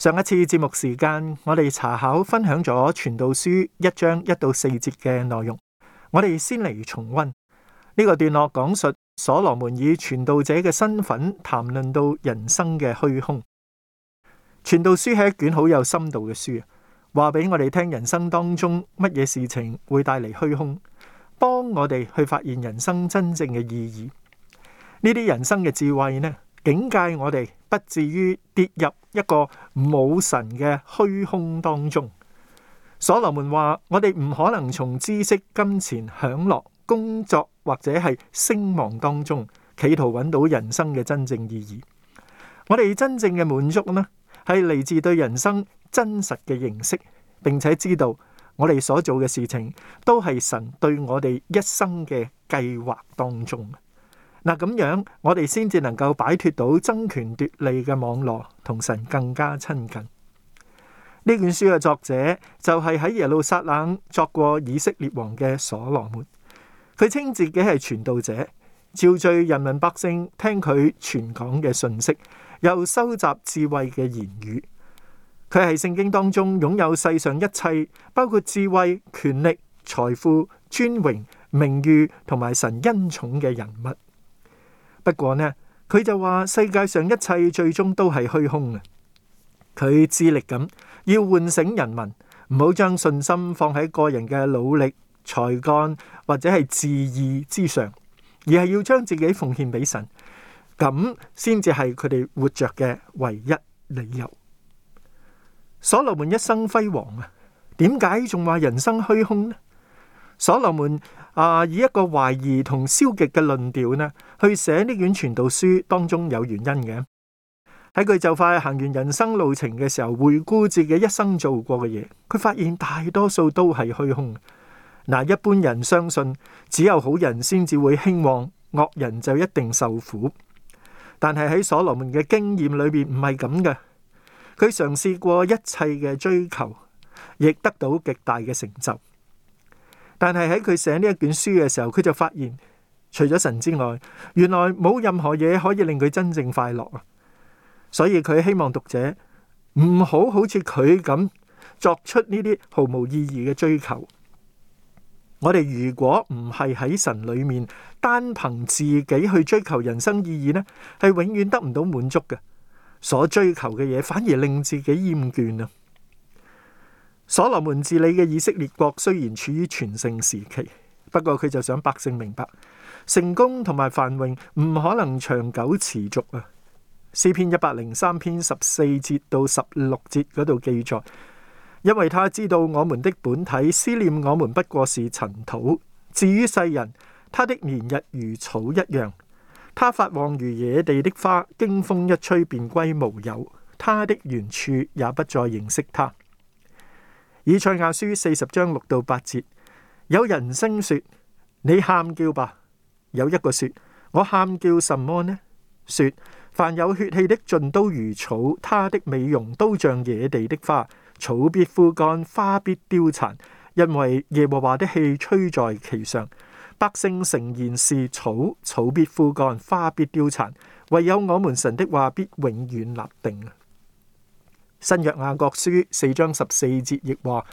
上一次節目時間，我哋查考分享咗《傳道書》一章一到四節嘅內容。我哋先嚟重溫呢個段落，講述所羅門以傳道者嘅身份談論到人生嘅虛空。《傳道書》係一卷好有深度嘅書啊，話俾我哋聽人生當中乜嘢事情會帶嚟虛空，幫我哋去發現人生真正嘅意義。呢啲人生嘅智慧呢，警戒我哋不至於跌入。一個冇神嘅虛空當中，所羅門話：我哋唔可能從知識、金錢、享樂、工作或者係聲望當中，企圖揾到人生嘅真正意義。我哋真正嘅滿足呢，係嚟自對人生真實嘅認識，並且知道我哋所做嘅事情都係神對我哋一生嘅計劃當中。嗱，咁樣我哋先至能夠擺脫到爭權奪利嘅網絡，同神更加親近。呢卷書嘅作者就係喺耶路撒冷作過以色列王嘅所羅門。佢稱自己係傳道者，召集人民百姓聽佢傳講嘅信息，又收集智慧嘅言語。佢係聖經當中擁有世上一切，包括智慧、權力、財富、尊榮、名譽同埋神恩寵嘅人物。不過呢，佢就話世界上一切最終都係虛空嘅。佢致力咁要喚醒人民，唔好將信心放喺個人嘅努力、才幹或者係自義之上，而係要將自己奉獻俾神，咁先至係佢哋活着嘅唯一理由。所羅門一生輝煌啊，點解仲話人生虛空呢？所羅門。啊！以一個懷疑同消極嘅論調呢，去寫呢卷傳道書當中有原因嘅。喺佢就快行完人生路程嘅時候，回顧自己一生做過嘅嘢，佢發現大多數都係虛空。嗱、啊，一般人相信只有好人先至會興旺，惡人就一定受苦。但係喺所羅門嘅經驗裏邊唔係咁嘅。佢嘗試過一切嘅追求，亦得到極大嘅成就。但係喺佢寫呢一卷書嘅時候，佢就發現除咗神之外，原來冇任何嘢可以令佢真正快樂啊！所以佢希望讀者唔好好似佢咁作出呢啲毫無意義嘅追求。我哋如果唔係喺神裏面，單憑自己去追求人生意義呢，係永遠得唔到滿足嘅。所追求嘅嘢反而令自己厭倦啊！所羅門治理嘅以色列國雖然處於全盛時期，不過佢就想百姓明白，成功同埋繁榮唔可能長久持續啊。詩篇一百零三篇十四節到十六節嗰度記載，因為他知道我們的本體思念我們不過是塵土，至於世人，他的年日如草一樣，他發旺如野地的花，經風一吹便歸無有，他的原處也不再認識他。以賽亞書四十章六到八節，有人聲說：你喊叫吧。有一個說：我喊叫什麼呢？說凡有血氣的，盡都如草，它的美容都像野地的花，草必枯乾，花必凋殘，因為耶和華的氣吹在其上。百姓誠然是草，草必枯乾，花必凋殘。唯有我們神的話必永遠立定。新約雅各書四章十四節亦話：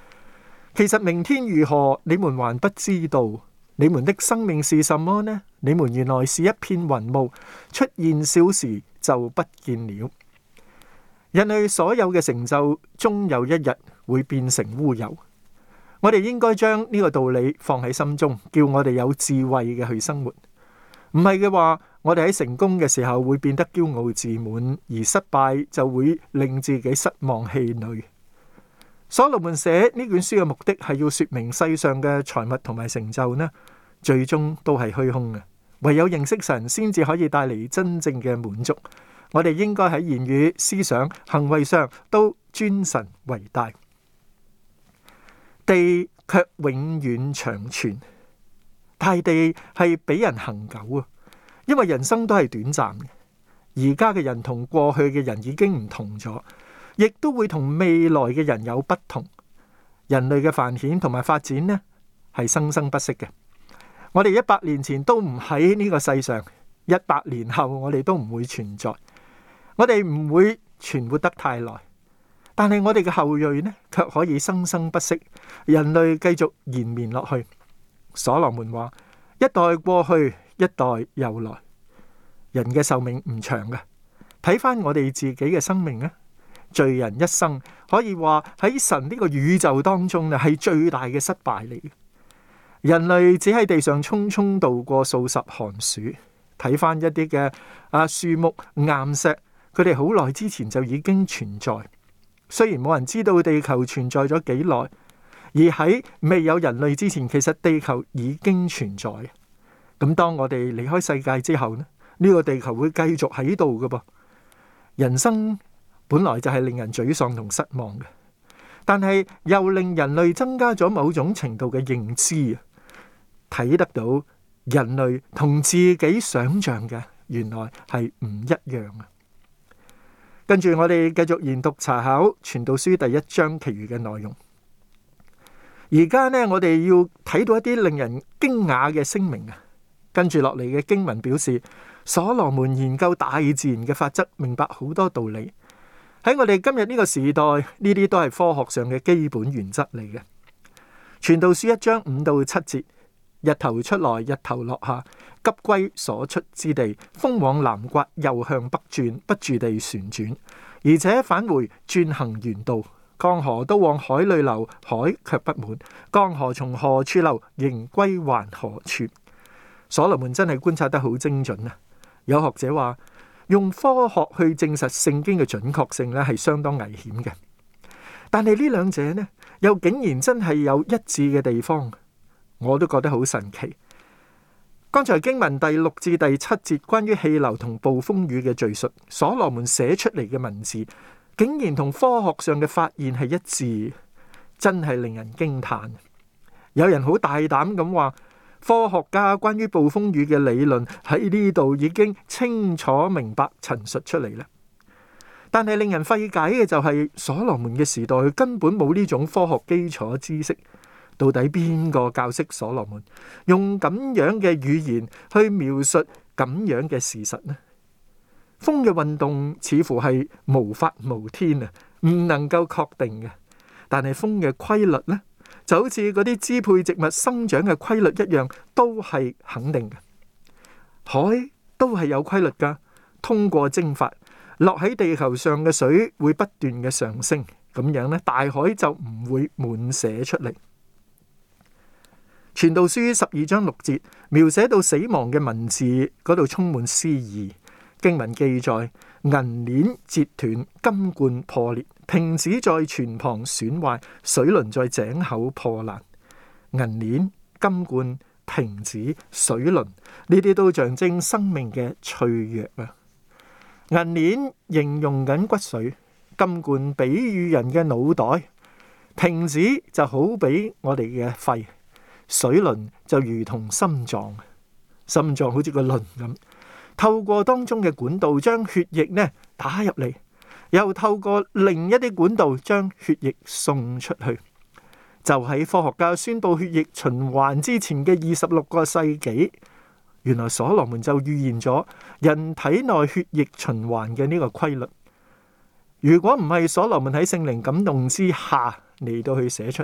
其實明天如何，你們還不知道。你們的生命是什麼呢？你們原來是一片雲霧，出現小時就不見了。人類所有嘅成就，終有一日會變成烏有。我哋應該將呢個道理放喺心中，叫我哋有智慧嘅去生活。唔係嘅話，我哋喺成功嘅時候會變得驕傲自滿，而失敗就會令自己失望氣餒。所羅門寫呢卷書嘅目的係要說明世上嘅財物同埋成就呢，最終都係虛空嘅。唯有認識神，先至可以帶嚟真正嘅滿足。我哋應該喺言語、思想、行為上都尊神為大。地卻永遠長存。大地係俾人恒久啊，因為人生都係短暫嘅。而家嘅人同過去嘅人已經唔同咗，亦都會同未來嘅人有不同。人類嘅繁衍同埋發展呢，係生生不息嘅。我哋一百年前都唔喺呢個世上，一百年後我哋都唔會存在。我哋唔會存活得太耐，但係我哋嘅後裔呢，卻可以生生不息，人類繼續延綿落去。所羅門話：一代過去，一代又來，人嘅壽命唔長嘅。睇翻我哋自己嘅生命咧，罪人一生可以話喺神呢個宇宙當中啊，係最大嘅失敗嚟。人類只喺地上匆匆度過數十寒暑。睇翻一啲嘅啊，樹木、岩石，佢哋好耐之前就已經存在。雖然冇人知道地球存在咗幾耐。而喺未有人類之前，其實地球已經存在。咁當我哋離開世界之後呢？呢個地球會繼續喺度㗎噃。人生本來就係令人沮喪同失望嘅，但係又令人類增加咗某種程度嘅認知啊！睇得到人類同自己想象嘅原來係唔一樣啊！跟住我哋繼續研讀查考《傳道書》第一章其餘嘅內容。而家呢，我哋要睇到一啲令人驚訝嘅聲明啊！跟住落嚟嘅經文表示，所羅門研究大自然嘅法則，明白好多道理。喺我哋今日呢個時代，呢啲都係科學上嘅基本原則嚟嘅。傳道書一章五到七節：日頭出來，日頭落下，急歸所出之地；風往南刮，又向北轉，不住地旋轉，而且返回，轉行原道。江河都往海裏流，海卻不滿。江河從何處流，仍歸還何處？所羅門真係觀察得好精準啊！有學者話，用科學去證實聖經嘅準確性呢，係相當危險嘅。但係呢兩者呢，又竟然真係有一致嘅地方，我都覺得好神奇。剛才經文第六至第七節關於氣流同暴風雨嘅敘述，所羅門寫出嚟嘅文字。竟然同科學上嘅發現係一致，真係令人驚嘆。有人好大膽咁話，科學家關於暴風雨嘅理論喺呢度已經清楚明白陳述出嚟啦。但係令人費解嘅就係、是，所羅門嘅時代佢根本冇呢種科學基礎知識，到底邊個教識所羅門用咁樣嘅語言去描述咁樣嘅事實呢？風嘅運動似乎係無法無天啊，唔能夠確定嘅。但係風嘅規律呢，就好似嗰啲支配植物生長嘅規律一樣，都係肯定嘅。海都係有規律噶，通過蒸發，落喺地球上嘅水會不斷嘅上升，咁樣呢，大海就唔會滿瀉出嚟。傳道書十二章六節描寫到死亡嘅文字嗰度充滿詩意。經文記載，銀鏈折斷，金罐破裂，瓶子在泉旁損壞，水輪在井口破爛。銀鏈、金罐、瓶子、水輪，呢啲都象徵生命嘅脆弱啊！銀鏈形容緊骨髓，金罐比喻人嘅腦袋，瓶子就好比我哋嘅肺，水輪就如同心臟，心臟好似個輪咁。透過當中嘅管道將血液呢打入嚟，又透過另一啲管道將血液送出去。就喺科學家宣佈血液循環之前嘅二十六個世紀，原來所羅門就預言咗人體內血液循環嘅呢個規律。如果唔係所羅門喺聖靈感動之下嚟到去寫出，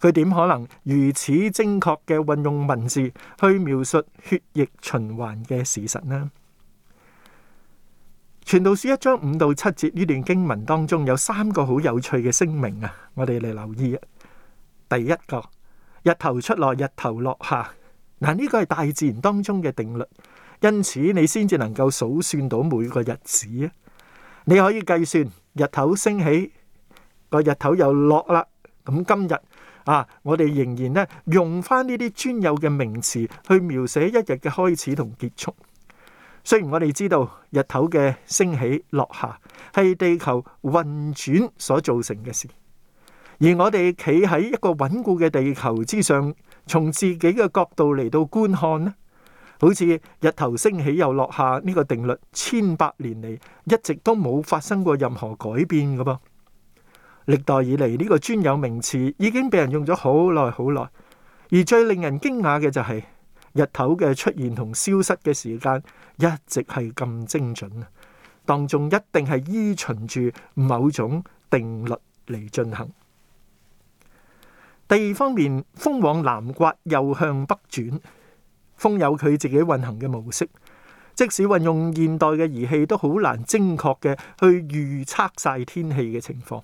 佢點可能如此精確嘅運用文字去描述血液循環嘅事實呢？傳道書一章五到七節呢段經文當中有三個好有趣嘅聲明啊！我哋嚟留意啊，第一個日頭出落，日頭落下,下，嗱，呢個係大自然當中嘅定律，因此你先至能夠數算到每個日子。你可以計算日頭升起，個日頭又落啦，咁今日啊，我哋仍然呢用返呢啲專有嘅名詞去描寫一日嘅開始同結束。雖然我哋知道日頭嘅升起落下係地球運轉所造成嘅事，而我哋企喺一個穩固嘅地球之上，從自己嘅角度嚟到觀看咧，好似日頭升起又落下呢個定律，千百年嚟，一直都冇發生過任何改變噶噃。歷代以嚟，呢個專有名詞已經被人用咗好耐好耐，而最令人驚訝嘅就係。日頭嘅出現同消失嘅時間一直係咁精準，當中一定係依循住某種定律嚟進行。第二方面，風往南刮又向北轉，風有佢自己運行嘅模式。即使運用現代嘅儀器，都好難精確嘅去預測晒天氣嘅情況。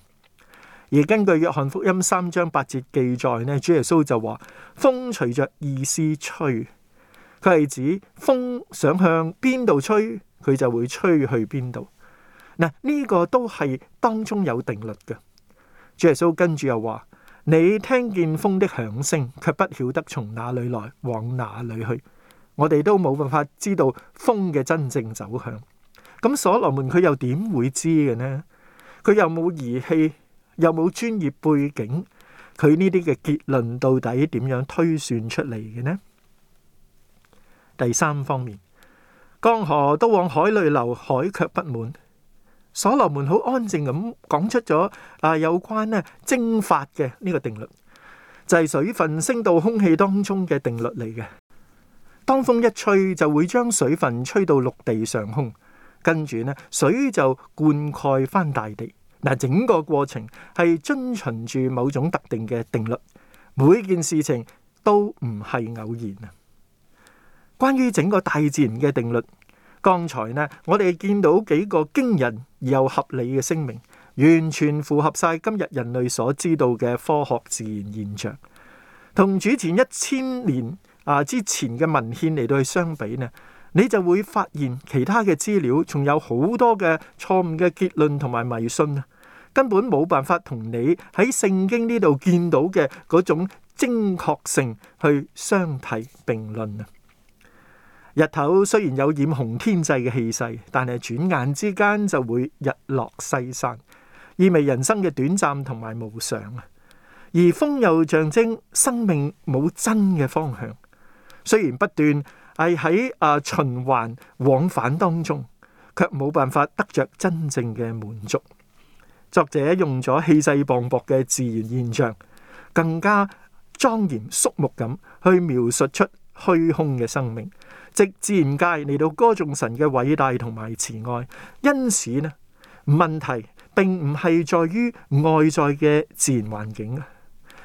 而根據約翰福音三章八節記載呢，主耶穌就話：風隨着意思吹。佢係指風想向邊度吹，佢就會吹去邊度。嗱，呢個都係當中有定律嘅。主耶穌跟住又話：你聽見風的響聲，卻不曉得從哪裏來，往哪裏去。我哋都冇辦法知道風嘅真正走向。咁所羅門佢又點會知嘅呢？佢又冇儀器，又冇專業背景，佢呢啲嘅結論到底點樣推算出嚟嘅呢？第三方面，江河都往海裏流，海卻不滿。所羅門好安靜咁講出咗啊，有關咧、啊、蒸發嘅呢個定律就係、是、水分升到空氣當中嘅定律嚟嘅。當風一吹，就會將水分吹到陸地上空，跟住呢，水就灌溉翻大地嗱。整個過程係遵循住某種特定嘅定律，每件事情都唔係偶然啊。關於整個大自然嘅定律，剛才呢，我哋見到幾個驚人而又合理嘅聲明，完全符合晒今日人類所知道嘅科學自然現象。同主前一千年啊之前嘅文獻嚟到去相比呢，你就會發現其他嘅資料仲有好多嘅錯誤嘅結論同埋迷信啊，根本冇辦法同你喺聖經呢度見到嘅嗰種精確性去相提並論啊。.日頭雖然有染紅天際嘅氣勢，但係轉眼之間就會日落西山，意味人生嘅短暫同埋無常啊。而風又象徵生命冇真嘅方向，雖然不斷係喺循環往返當中，卻冇辦法得着真正嘅滿足。作者用咗氣勢磅礴嘅自然現象，更加莊嚴肅穆咁去描述出。虛空嘅生命，即自然界嚟到歌頌神嘅偉大同埋慈愛。因此呢，問題並唔係在於外在嘅自然環境啊，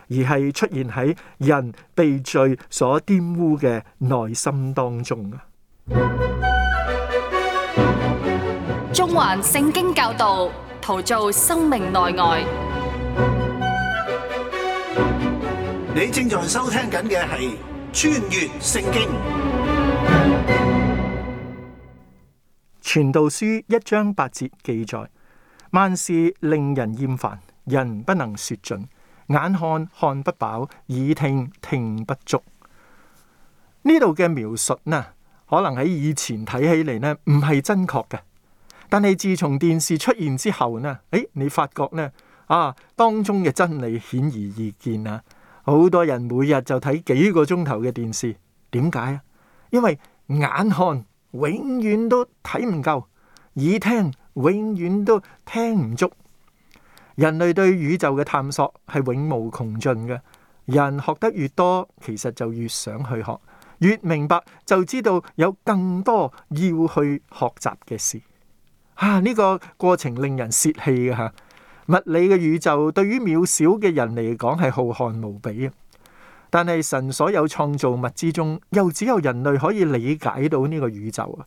而係出現喺人被罪所玷污嘅內心當中啊。中環聖經教導，陶造生命內外。你正在收聽緊嘅係。穿越聖經，傳道書一章八節記載：萬事令人厭煩，人不能說盡，眼看看不飽，耳聽聽不足。呢度嘅描述呢，可能喺以前睇起嚟呢唔係真確嘅，但係自從電視出現之後呢，誒、哎，你發覺呢啊當中嘅真理顯而易見啊！好多人每日就睇幾個鐘頭嘅電視，點解啊？因為眼看永遠都睇唔夠，耳聽永遠都聽唔足。人類對宇宙嘅探索係永無窮盡嘅。人學得越多，其實就越想去學，越明白就知道有更多要去學習嘅事。啊！呢個過程令人泄氣嘅嚇。物理嘅宇宙對於渺小嘅人嚟講係浩瀚無比啊！但係神所有創造物之中，又只有人類可以理解到呢個宇宙啊！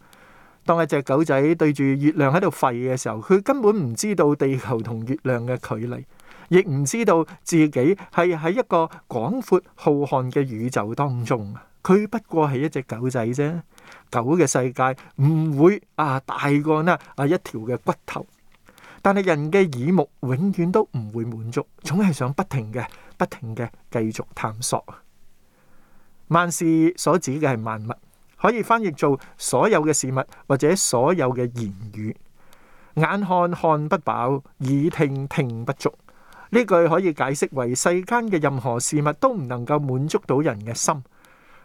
當一隻狗仔對住月亮喺度吠嘅時候，佢根本唔知道地球同月亮嘅距離，亦唔知道自己係喺一個廣闊浩瀚嘅宇宙當中啊！佢不過係一隻狗仔啫，狗嘅世界唔會啊大過呢啊一條嘅骨頭。但係人嘅耳目永遠都唔會滿足，總係想不停嘅、不停嘅繼續探索。萬事所指嘅係萬物，可以翻譯做所有嘅事物，或者所有嘅言語。眼看看不飽，耳聽聽不足。呢句可以解釋為，世間嘅任何事物都唔能夠滿足到人嘅心，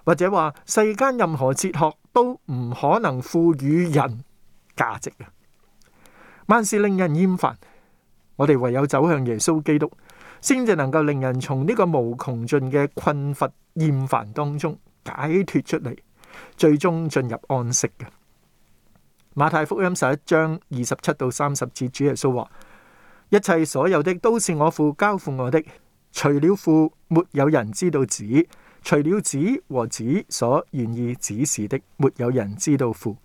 或者話世間任何哲學都唔可能賦予人價值啊！萬事令人厭煩，我哋唯有走向耶穌基督，先至能夠令人從呢個無窮盡嘅困乏厭煩當中解脫出嚟，最終進入安息嘅。馬太福音十一章二十七到三十節，主耶穌話：一切所有的都是我父交付我的，除了父，沒有人知道子；除了子和子所願意指示的，沒有人知道父。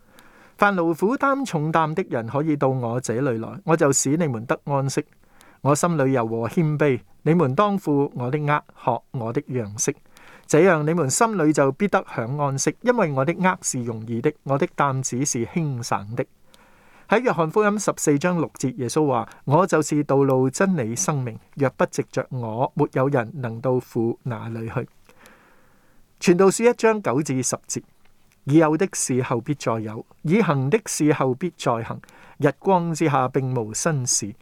凡勞苦擔重擔的人可以到我這裏來，我就使你們得安息。我心裏柔和謙卑，你們當負我的軛，學我的樣式，這樣你們心裏就必得享安息。因為我的軛是容易的，我的擔子是輕省的。喺約翰福音十四章六節，耶穌話：我就是道路、真理、生命，若不藉着我，沒有人能到父那裏去。傳道書一章九至十節。已有的事後必再有，已行的事後必再行。日光之下並無新事，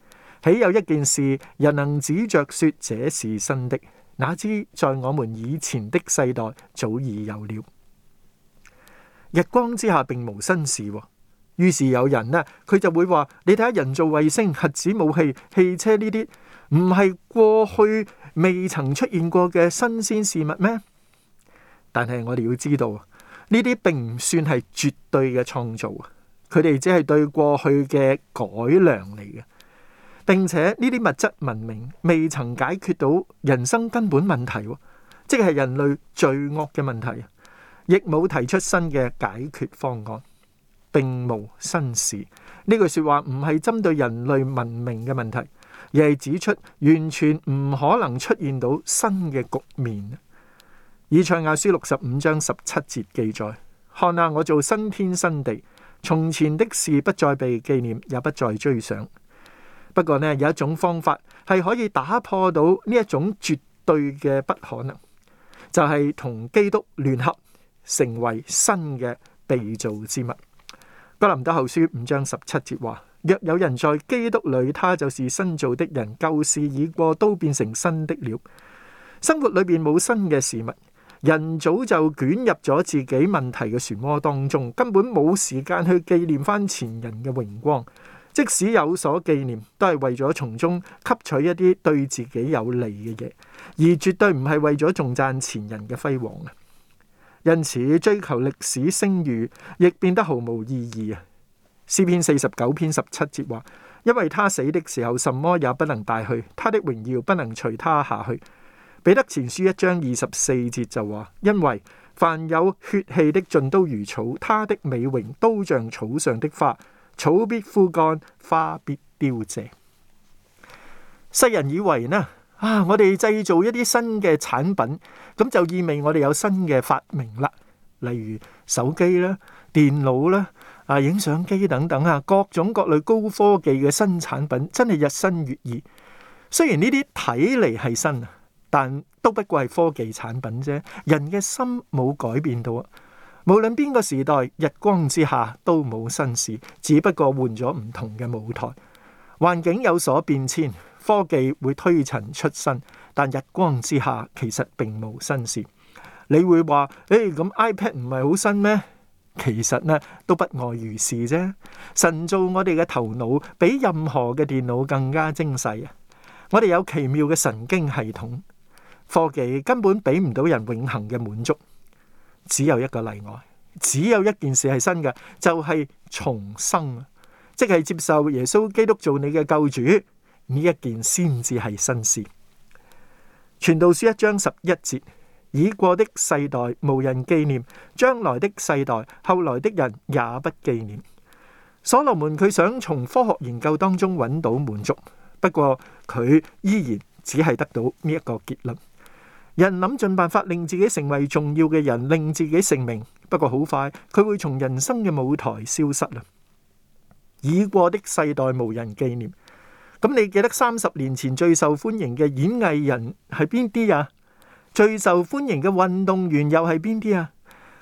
豈有一件事人能指着說這是新的？哪知在我們以前的世代早已有了。日光之下並無新事喎。於是有人呢，佢就會話：你睇下人造衛星、核子武器、汽車呢啲，唔係過去未曾出現過嘅新鮮事物咩？但係我哋要知道。呢啲並唔算係絕對嘅創造啊，佢哋只係對過去嘅改良嚟嘅。並且呢啲物質文明未曾解決到人生根本問題，即係人類罪惡嘅問題，亦冇提出新嘅解決方案。並無新事。呢句説話唔係針對人類文明嘅問題，而係指出完全唔可能出現到新嘅局面。以賽亞書六十五章十七節記載：看下我做新天新地，從前的事不再被紀念，也不再追想。不過呢，有一種方法係可以打破到呢一種絕對嘅不可能，就係、是、同基督聯合，成為新嘅被造之物。哥林多後書五章十七節話：若有人在基督裏，他就是新造的人，舊事已過，都變成新的了。生活裏邊冇新嘅事物。人早就捲入咗自己問題嘅漩渦當中，根本冇時間去紀念翻前人嘅榮光。即使有所紀念，都係為咗從中吸取一啲對自己有利嘅嘢，而絕對唔係為咗重讚前人嘅輝煌啊！因此，追求歷史聲譽亦變得毫無意義啊！詩篇四十九篇十七節話，因為他死的時候，什麼也不能帶去，他的榮耀不能隨他下去。彼得前書一章二十四節就話：因為凡有血氣的，盡都如草，他的美榮都像草上的花，草必枯乾，花必凋謝。世人以為呢啊，我哋製造一啲新嘅產品，咁就意味我哋有新嘅發明啦，例如手機啦、電腦啦、啊影相機等等啊，各種各類高科技嘅新產品，真係日新月異。雖然呢啲睇嚟係新但都不過係科技產品啫，人嘅心冇改變到啊！無論邊個時代，日光之下都冇新事，只不過換咗唔同嘅舞台，環境有所變遷，科技會推陳出新，但日光之下其實並冇新事。你會話誒咁 iPad 唔係好新咩？其實呢，都不外如是啫。神造我哋嘅頭腦比任何嘅電腦更加精細啊！我哋有奇妙嘅神經系統。科技根本俾唔到人永恒嘅滿足，只有一個例外，只有一件事係新嘅，就係重生啊，即係接受耶穌基督做你嘅救主呢一件先至係新事。傳道書一章十一節：已過的世代無人紀念，將來的世代後來的人也不紀念。所羅門佢想從科學研究當中揾到滿足，不過佢依然只係得到呢一個結論。人諗盡辦法令自己成為重要嘅人，令自己成名。不過好快，佢會從人生嘅舞台消失啦。已過的世代無人紀念。咁你記得三十年前最受歡迎嘅演藝人係邊啲啊？最受歡迎嘅運動員又係邊啲啊？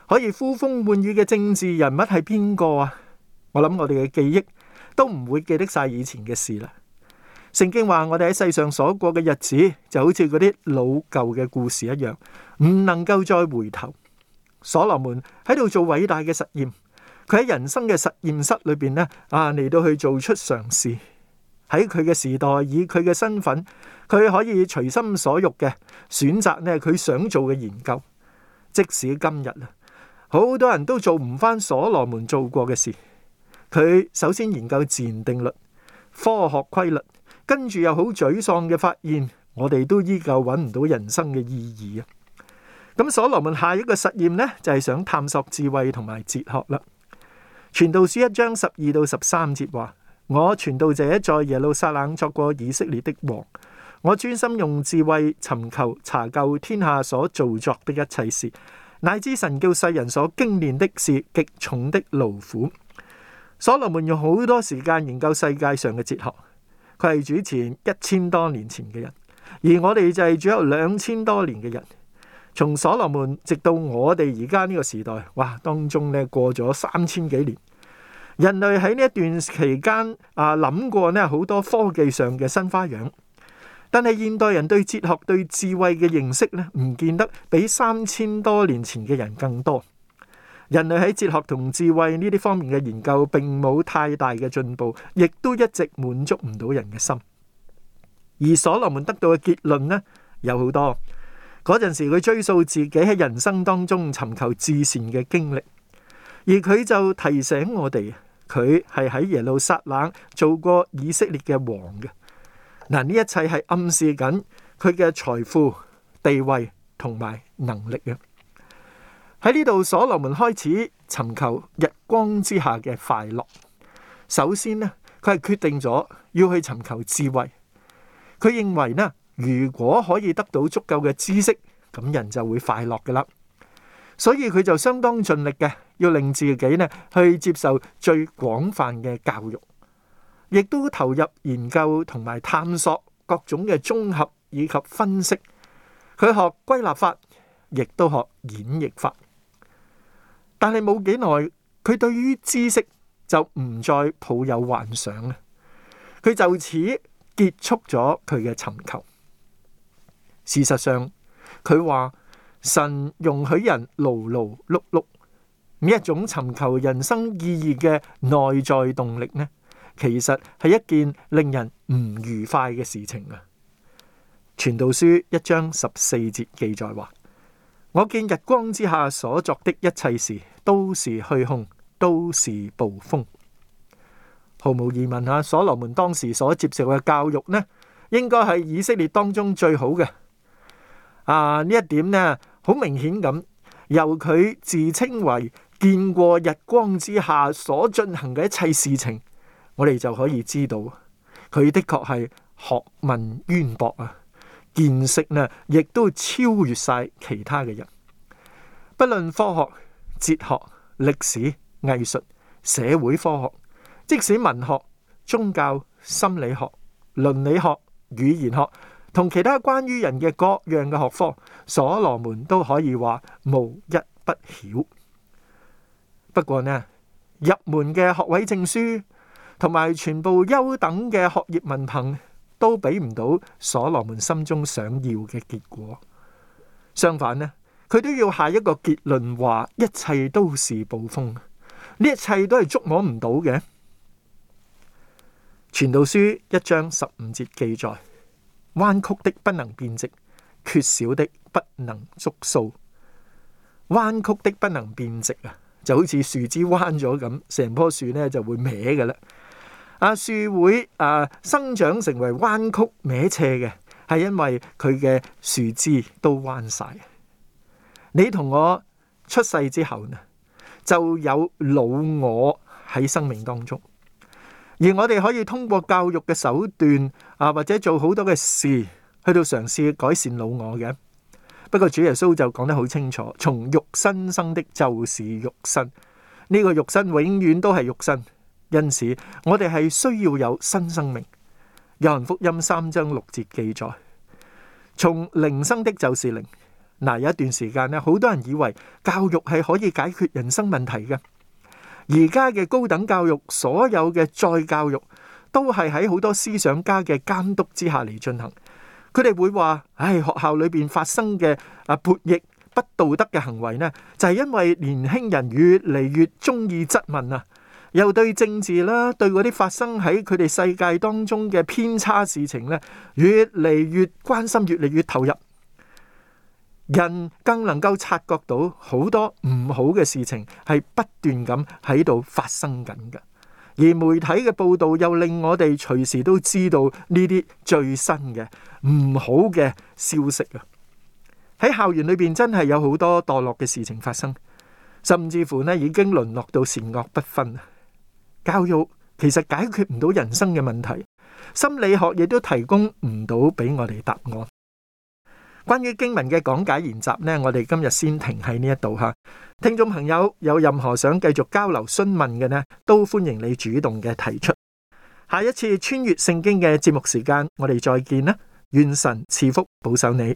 可以呼風喚雨嘅政治人物係邊個啊？我諗我哋嘅記憶都唔會記得晒以前嘅事啦。聖經話，我哋喺世上所過嘅日子就好似嗰啲老舊嘅故事一樣，唔能夠再回頭。所羅門喺度做偉大嘅實驗，佢喺人生嘅實驗室裏邊呢，啊嚟到去做出嘗試。喺佢嘅時代，以佢嘅身份，佢可以隨心所欲嘅選擇呢，佢想做嘅研究。即使今日啊，好多人都做唔翻所羅門做過嘅事。佢首先研究自然定律、科學規律。跟住又好沮喪嘅發現，我哋都依舊搵唔到人生嘅意義啊！咁所羅門下一個實驗呢，就係想探索智慧同埋哲學啦。傳道書一章十二到十三節話，我傳道者在耶路撒冷作過以色列的王，我專心用智慧尋求查究天下所做作的一切事，乃知神叫世人所經練的是極重的勞苦。所羅門用好多時間研究世界上嘅哲學。佢係主前一千多年前嘅人，而我哋就係主後兩千多年嘅人，從所羅門直到我哋而家呢個時代，哇，當中咧過咗三千幾年，人類喺呢一段期間啊諗過咧好多科技上嘅新花樣，但係現代人對哲學對智慧嘅認識咧唔見得比三千多年前嘅人更多。人類喺哲學同智慧呢啲方面嘅研究，並冇太大嘅進步，亦都一直滿足唔到人嘅心。而所羅門得到嘅結論呢，有好多。嗰陣時佢追溯自己喺人生當中尋求至善嘅經歷，而佢就提醒我哋，佢係喺耶路撒冷做過以色列嘅王嘅。嗱，呢一切係暗示緊佢嘅財富、地位同埋能力嘅。喺呢度所羅門開始尋求日光之下嘅快樂。首先呢，佢係決定咗要去尋求智慧。佢認為呢，如果可以得到足夠嘅知識，咁人就會快樂㗎喇。所以佢就相當盡力嘅，要令自己呢去接受最廣泛嘅教育，亦都投入研究同埋探索各種嘅綜合以及分析。佢學歸納法，亦都學演繹法。但係冇幾耐，佢對於知識就唔再抱有幻想啦。佢就此結束咗佢嘅尋求。事實上，佢話神容許人勞勞碌碌，咁一種尋求人生意義嘅內在動力呢，其實係一件令人唔愉快嘅事情啊。傳道書一章十四節記載話。我見日光之下所作的一切事，都是虛空，都是捕風，毫無疑問吓。所羅門當時所接受嘅教育呢，應該係以色列當中最好嘅。啊，呢一點呢，好明顯咁，由佢自稱為見過日光之下所進行嘅一切事情，我哋就可以知道，佢的確係學問淵博啊。見識呢，亦都超越晒其他嘅人，不論科學、哲學、歷史、藝術、社會科學，即使文學、宗教、心理學、倫理學、語言學同其他關於人嘅各樣嘅學科，所羅門都可以話無一不曉。不過呢，入門嘅學位證書同埋全部優等嘅學業文憑。都俾唔到所羅門心中想要嘅結果，相反呢，佢都要下一個結論話，一切都是捕風，呢一切都係捉摸唔到嘅。傳道書一章十五節記載：彎曲的不能變直，缺少的不能足數。彎曲的不能變直啊，就好似樹枝彎咗咁，成棵樹呢就會歪嘅啦。啊，樹會啊生長成為彎曲歪斜嘅，係因為佢嘅樹枝都彎晒。你同我出世之後呢，就有老我喺生命當中，而我哋可以通過教育嘅手段啊，或者做好多嘅事，去到嘗試改善老我嘅。不過主耶穌就講得好清楚，從肉身生的就是肉身，呢個肉身永遠都係肉身。因此，我哋係需要有新生命。約翰福音三章六節記載：從靈生的，就是靈。嗱，有一段時間咧，好多人以為教育係可以解決人生問題嘅。而家嘅高等教育，所有嘅再教育，都係喺好多思想家嘅監督之下嚟進行。佢哋會話：唉，學校裏邊發生嘅啊潑逆、不道德嘅行為咧，就係因為年輕人越嚟越中意質問啊。又對政治啦，對嗰啲發生喺佢哋世界當中嘅偏差事情咧，越嚟越關心，越嚟越投入。人更能夠察覺到好多唔好嘅事情係不斷咁喺度發生緊嘅，而媒體嘅報導又令我哋隨時都知道呢啲最新嘅唔好嘅消息啊！喺校園裏邊真係有好多墮落嘅事情發生，甚至乎呢已經淪落到善惡不分。教育其實解決唔到人生嘅問題，心理學亦都提供唔到俾我哋答案。關於經文嘅講解研習呢，我哋今日先停喺呢一度吓。聽眾朋友有任何想繼續交流詢問嘅呢，都歡迎你主動嘅提出。下一次穿越聖經嘅節目時間，我哋再見啦！願神賜福保守你。